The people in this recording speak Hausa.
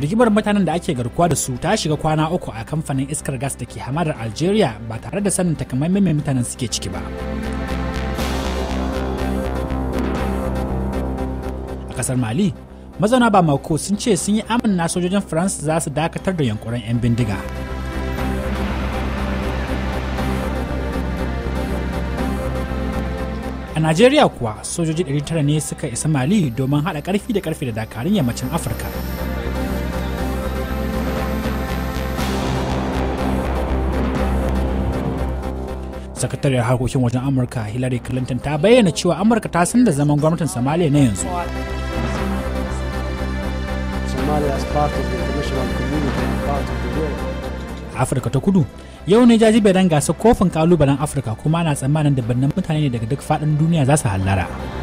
rigimar mutanen da ake garkuwa da su ta shiga kwana uku a kamfanin iskar gas da ke hamadar algeria ba tare da sanin takamaiman mai mutanen suke ciki ba a kasar mali mazauna ba mako sun ce sun yi amanna sojojin france za su dakatar da yankuran 'yan bindiga a najeriya kuwa sojoji 900 ne suka isa mali domin haɗa ƙarfi da ƙarfe da dakarun yammacin afirka sakatariyar harkokin wajen amurka hillary clinton ta bayyana cewa amurka ta san da zaman gwamnatin somalia na yanzu afirka ta kudu yau ne danga su kofin kalubalen afirka kuma ana tsammanin da mutane ne daga duk faɗin duniya za su hallara.